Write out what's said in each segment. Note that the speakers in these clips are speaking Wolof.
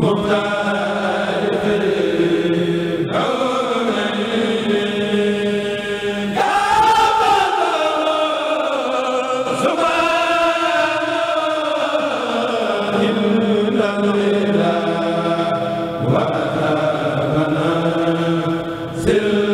moom bil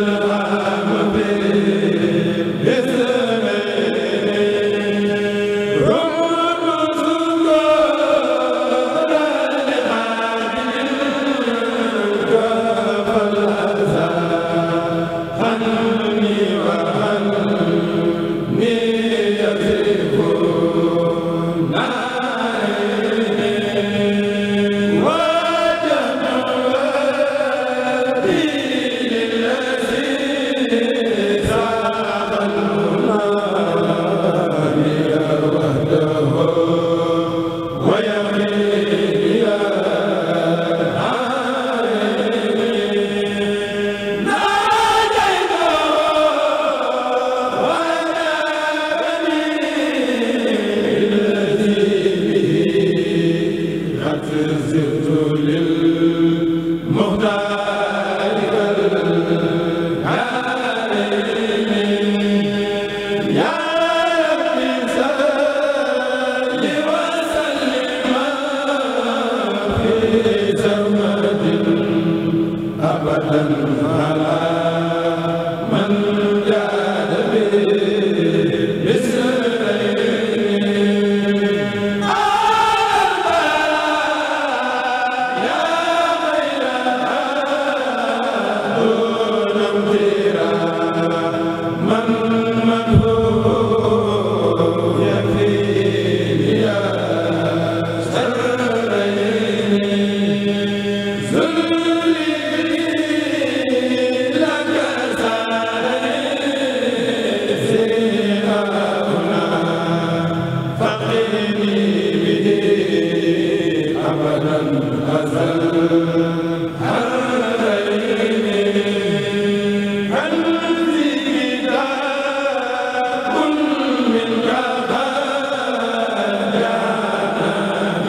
أنها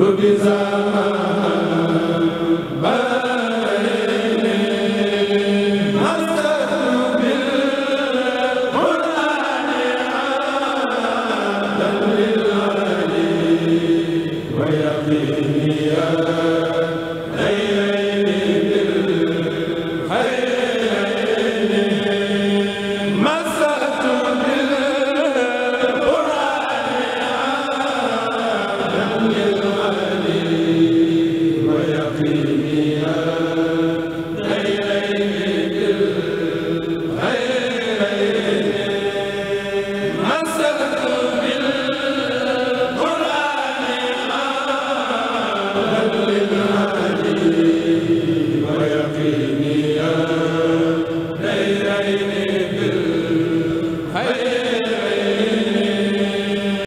رد زمان